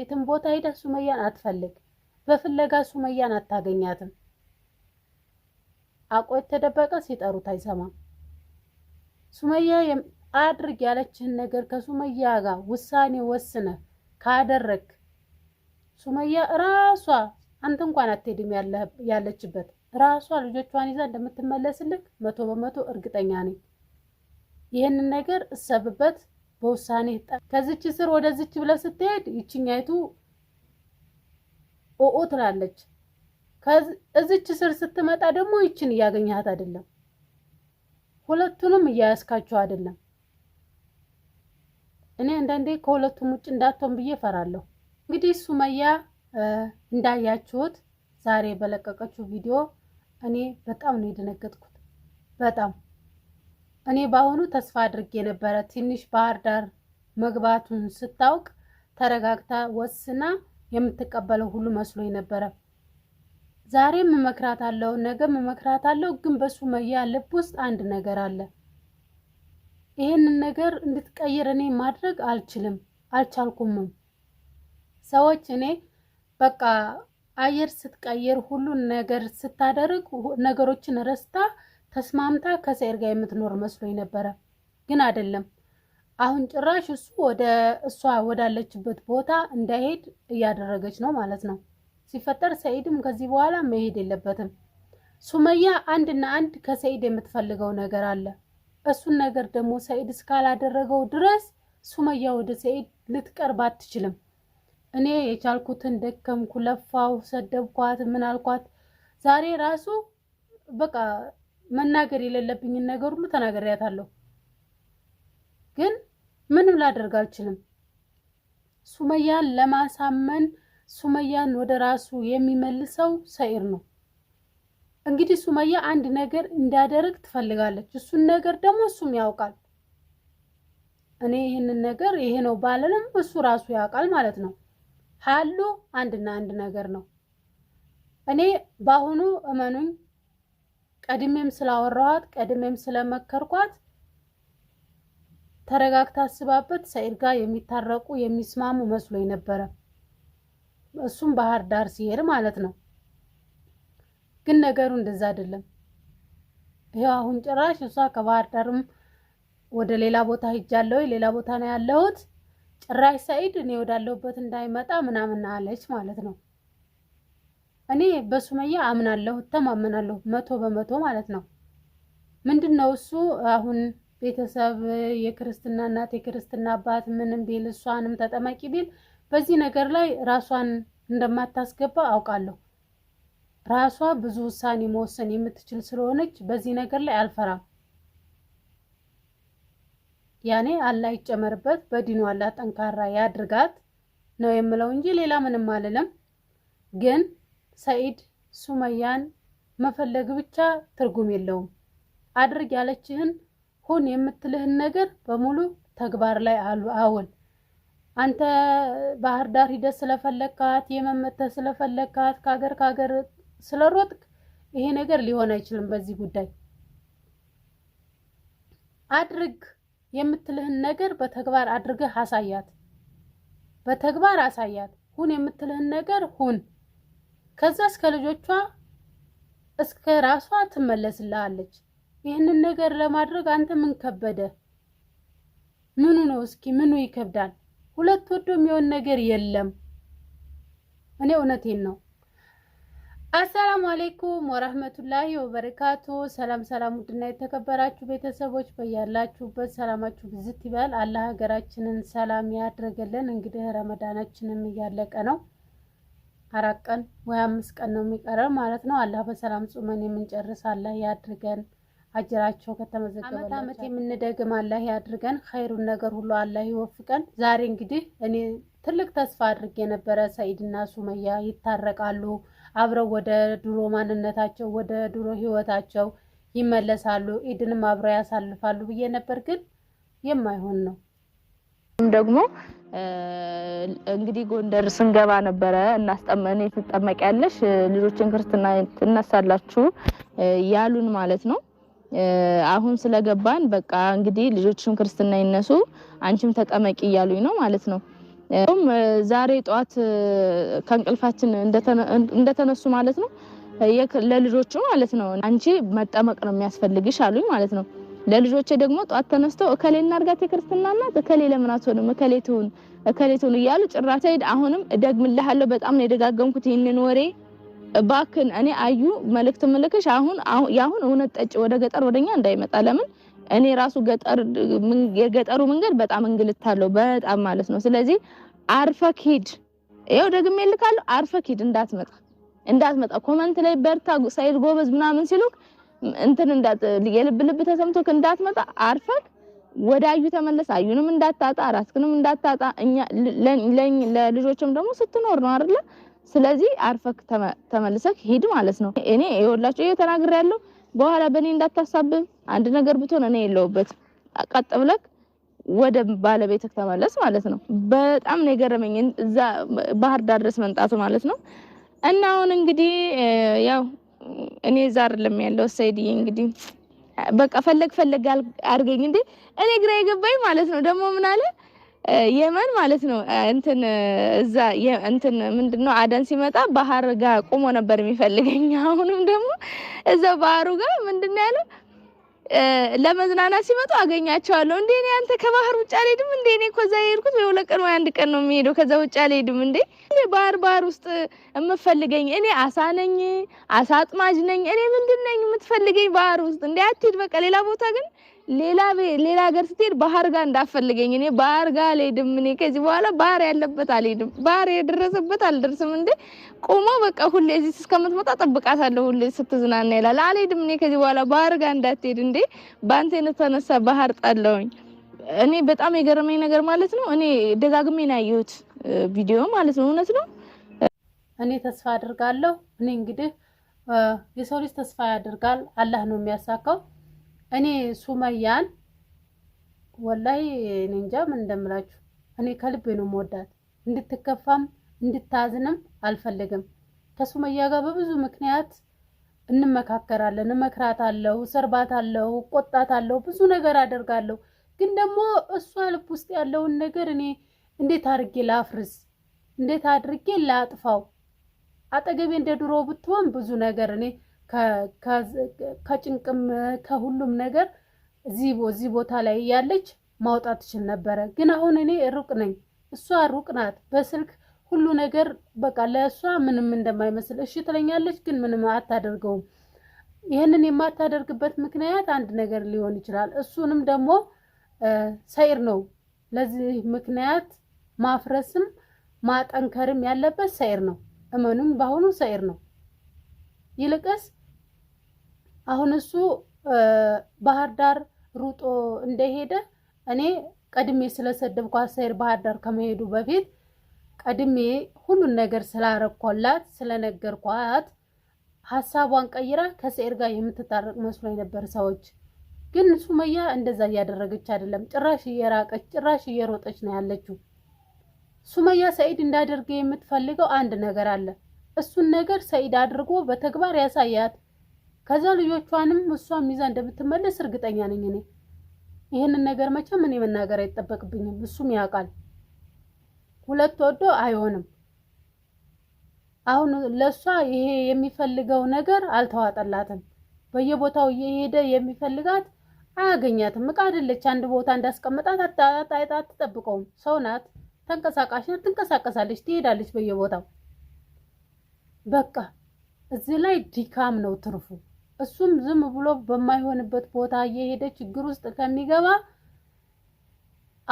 የትም ቦታ ሄዳ ሱመያን አትፈልግ። በፍለጋ ሱመያን አታገኛትም። አቆ የተደበቀ ሲጠሩት አይሰማም። ሱመያ አድርግ ያለችህን ነገር ከሱመያ ጋር ውሳኔ ወስነህ ካደረግ ሱመያ ራሷ አንተ እንኳን አትሄድም ያለችበት ራሷ ልጆቿን ይዛ እንደምትመለስልህ መቶ በመቶ እርግጠኛ ነኝ። ይህንን ነገር እሰብበት። በውሳኔ ከዚች ስር ወደዚች ብለ ስትሄድ ይችኛይቱ ኦኦ ትላለች። እዚች ስር ስትመጣ ደግሞ ይችን እያገኘሃት አይደለም። ሁለቱንም እያያዝካቸው አይደለም። እኔ አንዳንዴ ከሁለቱም ውጭ እንዳትሆን ብዬ ፈራለሁ እንግዲህ ሱመያ እንዳያችሁት ዛሬ በለቀቀችው ቪዲዮ እኔ በጣም ነው የደነገጥኩት በጣም እኔ በአሁኑ ተስፋ አድርጌ ነበረ ትንሽ ባህር ዳር መግባቱን ስታውቅ ተረጋግታ ወስና የምትቀበለው ሁሉ መስሎኝ ነበረ። ዛሬም መመክራት አለው፣ ነገም መመክራት አለው። ግን በሱመያ ልብ ውስጥ አንድ ነገር አለ። ይህንን ነገር እንድትቀይር እኔ ማድረግ አልችልም፣ አልቻልኩምም። ሰዎች እኔ በቃ አየር ስትቀይር ሁሉን ነገር ስታደርግ ነገሮችን ረስታ ተስማምታ ከሰኢድ ጋር የምትኖር መስሎኝ ነበረ፣ ግን አይደለም። አሁን ጭራሽ እሱ ወደ እሷ ወዳለችበት ቦታ እንዳይሄድ እያደረገች ነው ማለት ነው። ሲፈጠር ሰኢድም ከዚህ በኋላ መሄድ የለበትም። ሱመያ አንድና አንድ ከሰኢድ የምትፈልገው ነገር አለ። እሱን ነገር ደግሞ ሰኢድ እስካላደረገው ድረስ ሱመያ ወደ ሰኢድ ልትቀርብ አትችልም። እኔ የቻልኩትን ደከምኩ፣ ለፋው፣ ሰደብኳት፣ ምን አልኳት። ዛሬ ራሱ በቃ መናገር የሌለብኝን ነገር ሁሉ ተናግሬያታለሁ። ግን ምንም ላደርግ አልችልም። ሱመያን ለማሳመን ሱመያን ወደ ራሱ የሚመልሰው ሰኢድ ነው። እንግዲህ ሱመያ አንድ ነገር እንዳደርግ ትፈልጋለች። እሱን ነገር ደግሞ እሱም ያውቃል። እኔ ይህንን ነገር ይሄ ነው ባለንም እሱ ራሱ ያውቃል ማለት ነው። ሀሉ አንድና አንድ ነገር ነው። እኔ በአሁኑ እመኑኝ ቀድሜም ስላወራኋት ቀድሜም ስለመከርኳት ተረጋግታ አስባበት ሰኢድ ጋር የሚታረቁ የሚስማሙ መስሎ ነበረ። እሱም ባህር ዳር ሲሄድ ማለት ነው። ግን ነገሩ እንደዛ አይደለም። ይኸው አሁን ጭራሽ እሷ ከባህር ዳርም ወደ ሌላ ቦታ ሂጃለሁ፣ ሌላ ቦታ ነው ያለሁት፣ ጭራሽ ሰኢድ እኔ ወዳለሁበት እንዳይመጣ ምናምን አለች ማለት ነው። እኔ በሱመያ አምናለሁ እተማመናለሁ፣ መቶ በመቶ ማለት ነው። ምንድን ነው እሱ አሁን ቤተሰብ የክርስትና እናት የክርስትና አባት ምንም ቢል እሷንም ተጠመቂ ቢል በዚህ ነገር ላይ ራሷን እንደማታስገባ አውቃለሁ። ራሷ ብዙ ውሳኔ መወሰን የምትችል ስለሆነች በዚህ ነገር ላይ አልፈራም። ያኔ አላህ ይጨመርበት፣ በዲኑ አላህ ጠንካራ ያድርጋት ነው የምለው እንጂ ሌላ ምንም አልልም ግን ሰኢድ ሱመያን መፈለግ ብቻ ትርጉም የለውም። አድርግ ያለችህን ሁን የምትልህን ነገር በሙሉ ተግባር ላይ አውል። አንተ ባህር ዳር ሂደህ ስለፈለግካት የመመተ ስለፈለግካት ከሀገር ከሀገር ስለሮጥክ ይሄ ነገር ሊሆን አይችልም። በዚህ ጉዳይ አድርግ የምትልህን ነገር በተግባር አድርገህ አሳያት። በተግባር አሳያት። ሁን የምትልህን ነገር ሁን። ከዛ እስከ ልጆቿ እስከ ራሷ ትመለስልሃለች። ይህንን ነገር ለማድረግ አንተ ምን ከበደ? ምኑ ነው እስኪ ምኑ ይከብዳል? ሁለት ወዶ የሚሆን ነገር የለም። እኔ እውነቴን ነው። አሰላሙ አሌይኩም ወረህመቱላሂ ወበረካቱ። ሰላም ሰላም፣ ውድና የተከበራችሁ ቤተሰቦች በያላችሁበት ሰላማችሁ ብዝት ይበል። አላህ ሀገራችንን ሰላም ያድረገልን እንግዲህ ረመዳናችንም እያለቀ ነው። አራት ቀን ወይ አምስት ቀን ነው የሚቀረው ማለት ነው። አላህ በሰላም ጾመን የምንጨርስ አላህ ያድርገን። አጀራቸው ከተመዘገበ አመት አመት የምንደግም አላህ ያድርገን። ኸይሩን ነገር ሁሉ አላህ ይወፍቀን። ዛሬ እንግዲህ እኔ ትልቅ ተስፋ አድርጌ የነበረ ሰኢድና ሱመያ ይታረቃሉ፣ አብረው ወደ ድሮ ማንነታቸው ወደ ድሮ ህይወታቸው ይመለሳሉ፣ ኢድንም አብረው ያሳልፋሉ ብዬ ነበር። ግን የማይሆን ነው ደግሞ እንግዲህ ጎንደር ስንገባ ነበረ እናስጠመን እናስጠመኔ ያለሽ ልጆችን ክርስትና ትነሳላችሁ ያሉን ማለት ነው። አሁን ስለገባን በቃ እንግዲህ ልጆችም ክርስትና ይነሱ አንቺም ተጠመቂ እያሉኝ ነው ማለት ነው። ም ዛሬ ጠዋት ከእንቅልፋችን እንደተነሱ ማለት ነው ለልጆቹ ማለት ነው አንቺ መጠመቅ ነው የሚያስፈልግሽ አሉኝ ማለት ነው። ለልጆቼ ደግሞ ጧት ተነስተው እከሌ እናርጋት የክርስትና እናት እከሌ ለምን አትሆንም እከሌ ትሁን እከሌ ትሁን እያሉ ጭራታ ሄድ አሁንም እደግምልሃለሁ። በጣም ነው የደጋገምኩት ይህንን ወሬ እባክን እኔ አዩ መልእክት መልከሽ አሁን ያሁን እውነት ጠጭ ወደ ገጠር ወደኛ እንዳይመጣ ለምን እኔ ራሱ ገጠር የገጠሩ መንገድ በጣም እንግልታለሁ በጣም ማለት ነው። ስለዚህ አርፈክ ሂድ፣ ይኸው ደግሜ ልካለሁ። አርፈክ ሂድ፣ እንዳትመጣ እንዳትመጣ። ኮመንት ላይ በርታ፣ ሳይድ ጎበዝ ምናምን ሲሉክ እንትን እንዳት የልብ ልብ ተሰምቶ እንዳትመጣ አርፈክ ወደ አዩ ተመለስ። አዩንም እንዳታጣ ራስክንም እንዳታጣ እኛ ለልጆችም ደግሞ ስትኖር ነው አይደለ? ስለዚህ አርፈክ ተመልሰክ ሂድ ማለት ነው። እኔ ይኸውላችሁ እየተናገር ያለው በኋላ በእኔ እንዳታሳብብ። አንድ ነገር ብትሆን እኔ የለውበት። ቀጥ ብለክ ወደ ባለቤትህ ተመለስ ማለት ነው። በጣም ነው የገረመኝ እዛ ባህር ዳር ድረስ መምጣቱ ማለት ነው። እና አሁን እንግዲህ ያው እኔ እዛ አይደለም ያለው ሰይድዬ እንግዲህ በቃ ፈለግ ፈለግ አድርገኝ እንዴ እኔ ግራ የገባኝ ማለት ነው። ደግሞ ምን አለ የመን ማለት ነው እንትን እዛ እንትን ምንድን ነው አደን ሲመጣ ባህር ጋር ቁሞ ነበር የሚፈልገኝ። አሁንም ደግሞ እዛ ባህሩ ጋር ምንድነው ያለው ለመዝናናት ሲመጡ አገኛቸዋለሁ። እንዴ እኔ አንተ ከባህር ውጭ አልሄድም እንዴ? እኔ እኮ እዛ የሄድኩት ወይ ሁለት ቀን ወይ አንድ ቀን ነው የሚሄደው፣ ከዛ ውጭ አልሄድም እንዴ? እኔ ባህር ባህር ውስጥ የምፈልገኝ እኔ አሳ ነኝ፣ አሳ አጥማጅ ነኝ። እኔ ምንድን ነኝ የምትፈልገኝ ባህር ውስጥ እንዴ? አትሄድ በቃ ሌላ ቦታ ግን ሌላ ሌላ ሀገር ስትሄድ ባህር ጋር እንዳፈልገኝ። እኔ ባህር ጋር አልሄድም። እኔ ከዚህ በኋላ ባህር ያለበት አልሄድም። ባህር የደረሰበት አልደርስም። እንደ ቆሞ በቃ ሁሌ እዚህ እስከምትመጣ ጠብቃታለሁ፣ ሁሌ ስትዝናና ይላል። አልሄድም። እኔ ከዚህ በኋላ ባህር ጋር እንዳትሄድ እንዴ! በአንተ የተነሳ ባህር ጣለውኝ እኔ በጣም የገረመኝ ነገር ማለት ነው እኔ ደጋግሜ ያየሁት ቪዲዮ ማለት ነው። እውነት ነው። እኔ ተስፋ አድርጋለሁ። እኔ እንግዲህ የሰው ልጅ ተስፋ ያደርጋል፣ አላህ ነው የሚያሳካው። እኔ ሱመያን ወላይ እኔ እንጃ ምን እንደምላችሁ። እኔ ከልቤ ነው መወዳት። እንድትከፋም እንድታዝንም አልፈልግም። ከሱመያ ጋር በብዙ ምክንያት እንመካከራለን፣ እመክራታለሁ፣ እሰርባታለሁ፣ እቆጣታለሁ፣ ብዙ ነገር አደርጋለሁ። ግን ደግሞ እሷ ልብ ውስጥ ያለውን ነገር እኔ እንዴት አድርጌ ላፍርስ? እንዴት አድርጌ ላጥፋው? አጠገቤ እንደ ድሮ ብትሆን ብዙ ነገር እኔ ከጭንቅም ከሁሉም ነገር እዚህ ቦታ ላይ ያለች ማውጣት ትችል ነበረ። ግን አሁን እኔ ሩቅ ነኝ፣ እሷ ሩቅ ናት። በስልክ ሁሉ ነገር በቃ ለእሷ ምንም እንደማይመስል እሺ ትለኛለች፣ ግን ምንም አታደርገውም። ይህንን የማታደርግበት ምክንያት አንድ ነገር ሊሆን ይችላል። እሱንም ደግሞ ሰይር ነው። ለዚህ ምክንያት ማፍረስም ማጠንከርም ያለበት ሰይር ነው። እመኑም በአሁኑ ሰይር ነው። ይልቅስ አሁን እሱ ባህር ዳር ሩጦ እንደሄደ እኔ ቀድሜ ስለሰደብኳት ሰይድ ባህር ዳር ከመሄዱ በፊት ቀድሜ ሁሉን ነገር ስላረኮላት ስለነገርኳት ሀሳቧን ቀይራ ከሰይድ ጋር የምትታረቅ መስሎ ነበር። ሰዎች ግን ሱመያ እንደዛ እያደረገች አይደለም። ጭራሽ እየራቀች ጭራሽ እየሮጠች ነው ያለችው። ሱመያ ሰይድ እንዳደርገ የምትፈልገው አንድ ነገር አለ። እሱን ነገር ሰይድ አድርጎ በተግባር ያሳያት። ከዛ ልጆቿንም እሷ ይዛ እንደምትመለስ እርግጠኛ ነኝ እኔ። ይህንን ነገር መቼም እኔ መናገር አይጠበቅብኝም፣ እሱም ያውቃል። ሁለት ወዶ አይሆንም። አሁን ለእሷ ይሄ የሚፈልገው ነገር አልተዋጠላትም። በየቦታው እየሄደ የሚፈልጋት አያገኛትም። እቃ አይደለች አንድ ቦታ እንዳስቀምጣት አትጠብቀውም። ሰው ናት፣ ተንቀሳቃሽ ናት፣ ትንቀሳቀሳለች፣ ትሄዳለች በየቦታው። በቃ እዚህ ላይ ድካም ነው ትርፉ። እሱም ዝም ብሎ በማይሆንበት ቦታ እየሄደ ችግር ውስጥ ከሚገባ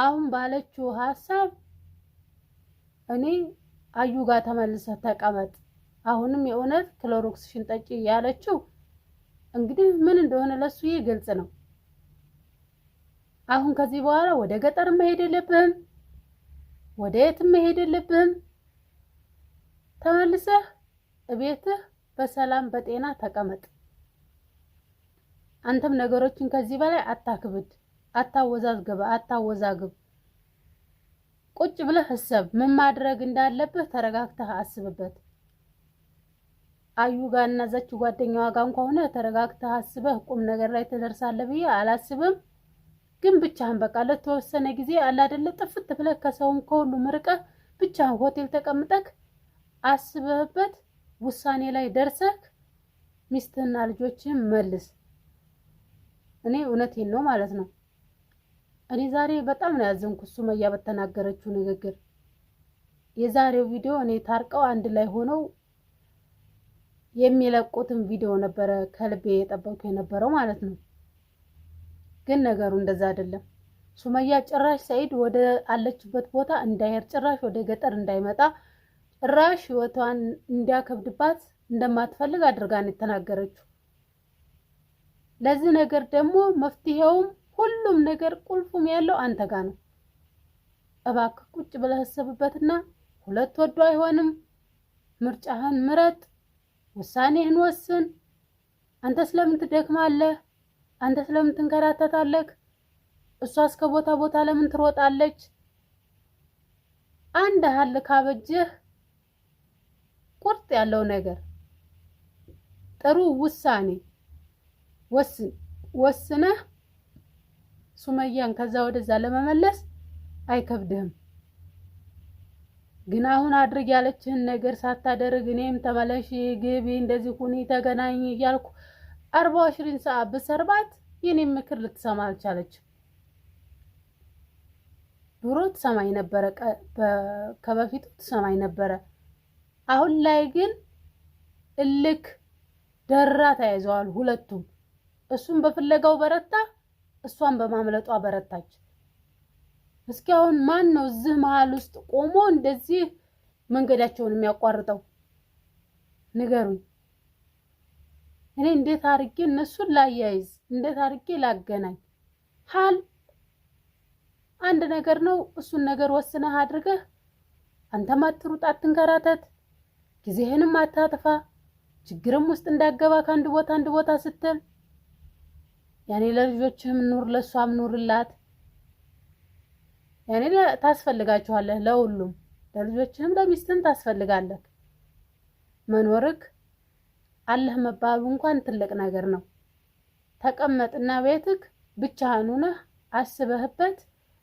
አሁን ባለችው ሀሳብ እኔ አዩ ጋር ተመልሰህ ተቀመጥ። አሁንም የእውነት ክሎሮክስ ጠጪ ያለችው እንግዲህ ምን እንደሆነ ለሱ ግልጽ ነው። አሁን ከዚህ በኋላ ወደ ገጠር መሄድ የለብህም፣ ወደ የትም መሄድ የለብህም። ተመልሰህ እቤትህ በሰላም በጤና ተቀመጥ። አንተም ነገሮችን ከዚህ በላይ አታክብድ፣ አታወዛዝገበ፣ አታወዛግብ። ቁጭ ብለህ እሰብ፣ ምን ማድረግ እንዳለብህ ተረጋግተህ አስብበት። አዩ ጋር እና እዛች ጓደኛዋ ጋር ከሆነ ተረጋግተህ አስበህ ቁም ነገር ላይ ትደርሳለህ ብዬ አላስብም። ግን ብቻህን በቃ ለተወሰነ ጊዜ አላደለ ጥፍት ብለህ ከሰውም ከሁሉም ርቀህ ብቻህን ሆቴል ተቀምጠክ አስበህበት ውሳኔ ላይ ደርሰህ ሚስትህና ልጆችን መልስ። እኔ እውነቴን ነው ማለት ነው። እኔ ዛሬ በጣም ነው ያዘንኩት ሱመያ በተናገረችው ንግግር። የዛሬው ቪዲዮ እኔ ታርቀው አንድ ላይ ሆነው የሚለቁትን ቪዲዮ ነበረ ከልቤ የጠበቁ የነበረው ማለት ነው። ግን ነገሩ እንደዛ አይደለም። ሱመያ ጭራሽ ሰኢድ ወደ አለችበት ቦታ እንዳይሄድ፣ ጭራሽ ወደ ገጠር እንዳይመጣ፣ ጭራሽ ህይወቷን እንዲያከብድባት እንደማትፈልግ አድርጋ ነው የተናገረችው። ለዚህ ነገር ደግሞ መፍትሄውም ሁሉም ነገር ቁልፉም ያለው አንተ ጋ ነው። እባክህ ቁጭ ብለህ አስብበትና ሁለት ወዶ አይሆንም። ምርጫህን ምረጥ፣ ውሳኔህን ወስን። አንተ ስለምን ትደክማለህ? አንተ ስለምን ትንከራተታለህ? እሷ እስከ ቦታ ቦታ ለምን ትሮጣለች? አንድ ሀል ካበጀህ ቁርጥ ያለው ነገር ጥሩ ውሳኔ ወስነህ ሱመያን ከዛ ወደዛ ለመመለስ አይከብድህም። ግን አሁን አድርግ ያለችህን ነገር ሳታደርግ እኔም ተመለሽ፣ ግቢ፣ እንደዚህ ሁኒ፣ ተገናኝ እያልኩ አርባ አሽሪን ሰዓት ብሰርባት የኔም ምክር ልትሰማ አልቻለችም። ድሮ ትሰማኝ ነበረ፣ ከበፊቱ ትሰማኝ ነበረ። አሁን ላይ ግን እልክ ደራ ተያይዘዋል ሁለቱም። እሱን በፍለጋው በረታ፣ እሷን በማምለጧ በረታች። እስኪ አሁን ማን ነው እዚህ መሀል ውስጥ ቆሞ እንደዚህ መንገዳቸውን የሚያቋርጠው? ንገሩኝ። እኔ እንዴት አድርጌ እነሱን ላያይዝ፣ እንዴት አድርጌ ላገናኝ? ሀል አንድ ነገር ነው። እሱን ነገር ወስነህ አድርገህ አንተም አትሩጥ፣ አትንከራተት፣ ጊዜህንም አታጥፋ፣ ችግርም ውስጥ እንዳገባ ከአንድ ቦታ አንድ ቦታ ስትል ያኔ ለልጆችህም ኑር፣ ለእሷም ኑርላት። ያኔ ታስፈልጋችኋለህ፣ ለሁሉም ለልጆችህም ለሚስትም ታስፈልጋለህ። መኖርክ አለህ መባሉ እንኳን ትልቅ ነገር ነው። ተቀመጥና ቤትክ ብቻህን ሆነህ አስበህበት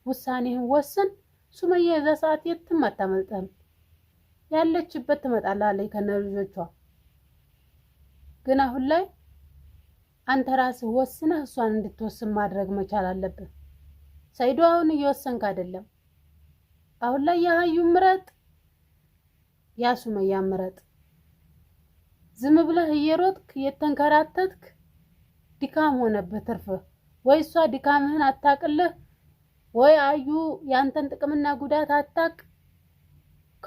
ውሳኔህን ወስን። ሱመያ የዛ ሰዓት የትም አታመልጠህም። ያለችበት ትመጣላለች ከነ ልጆቿ ግን አሁን ላይ አንተ ራስህ ወስነህ እሷን እንድትወስን ማድረግ መቻል አለብህ። ሰይዶ አሁን እየወሰንክ አይደለም። አሁን ላይ የሀዩ ምረጥ፣ የሱመያ ምረጥ። ዝም ብለህ እየሮጥክ የተንከራተትክ ድካም ሆነብህ ትርፍ። ወይ እሷ ድካምህን አታቅልህ፣ ወይ አዩ ያንተን ጥቅምና ጉዳት አታቅ።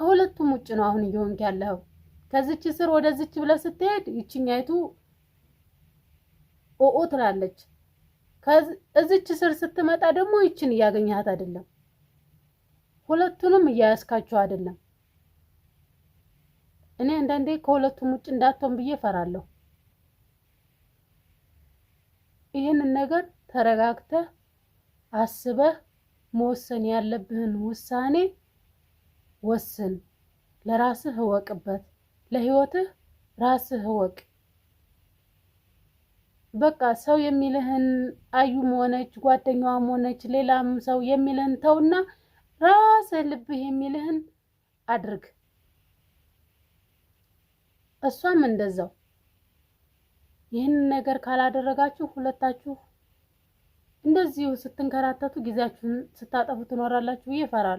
ከሁለቱም ውጭ ነው አሁን እየሆንክ ያለኸው። ከዚች ስር ወደዚች ብለህ ስትሄድ ይችኛይቱ ኦኦ ትላለች። እዚች ስር ስትመጣ ደግሞ ይችን እያገኘሃት አይደለም፣ ሁለቱንም እያያዝካቸው አይደለም። እኔ አንዳንዴ ከሁለቱም ውጭ እንዳትሆን ብዬ ፈራለሁ ይህንን ነገር ተረጋግተህ አስበህ መወሰን ያለብህን ውሳኔ ወስን። ለራስህ እወቅበት፣ ለህይወትህ ራስህ እወቅ። በቃ ሰው የሚልህን አዩም ሆነች ጓደኛዋም ሆነች ሌላም ሰው የሚልህን ተውና ራስ ልብህ የሚልህን አድርግ። እሷም እንደዛው። ይህንን ነገር ካላደረጋችሁ ሁለታችሁ እንደዚሁ ስትንከራተቱ ጊዜያችሁን ስታጠፉ ትኖራላችሁ። ይፈራሉ።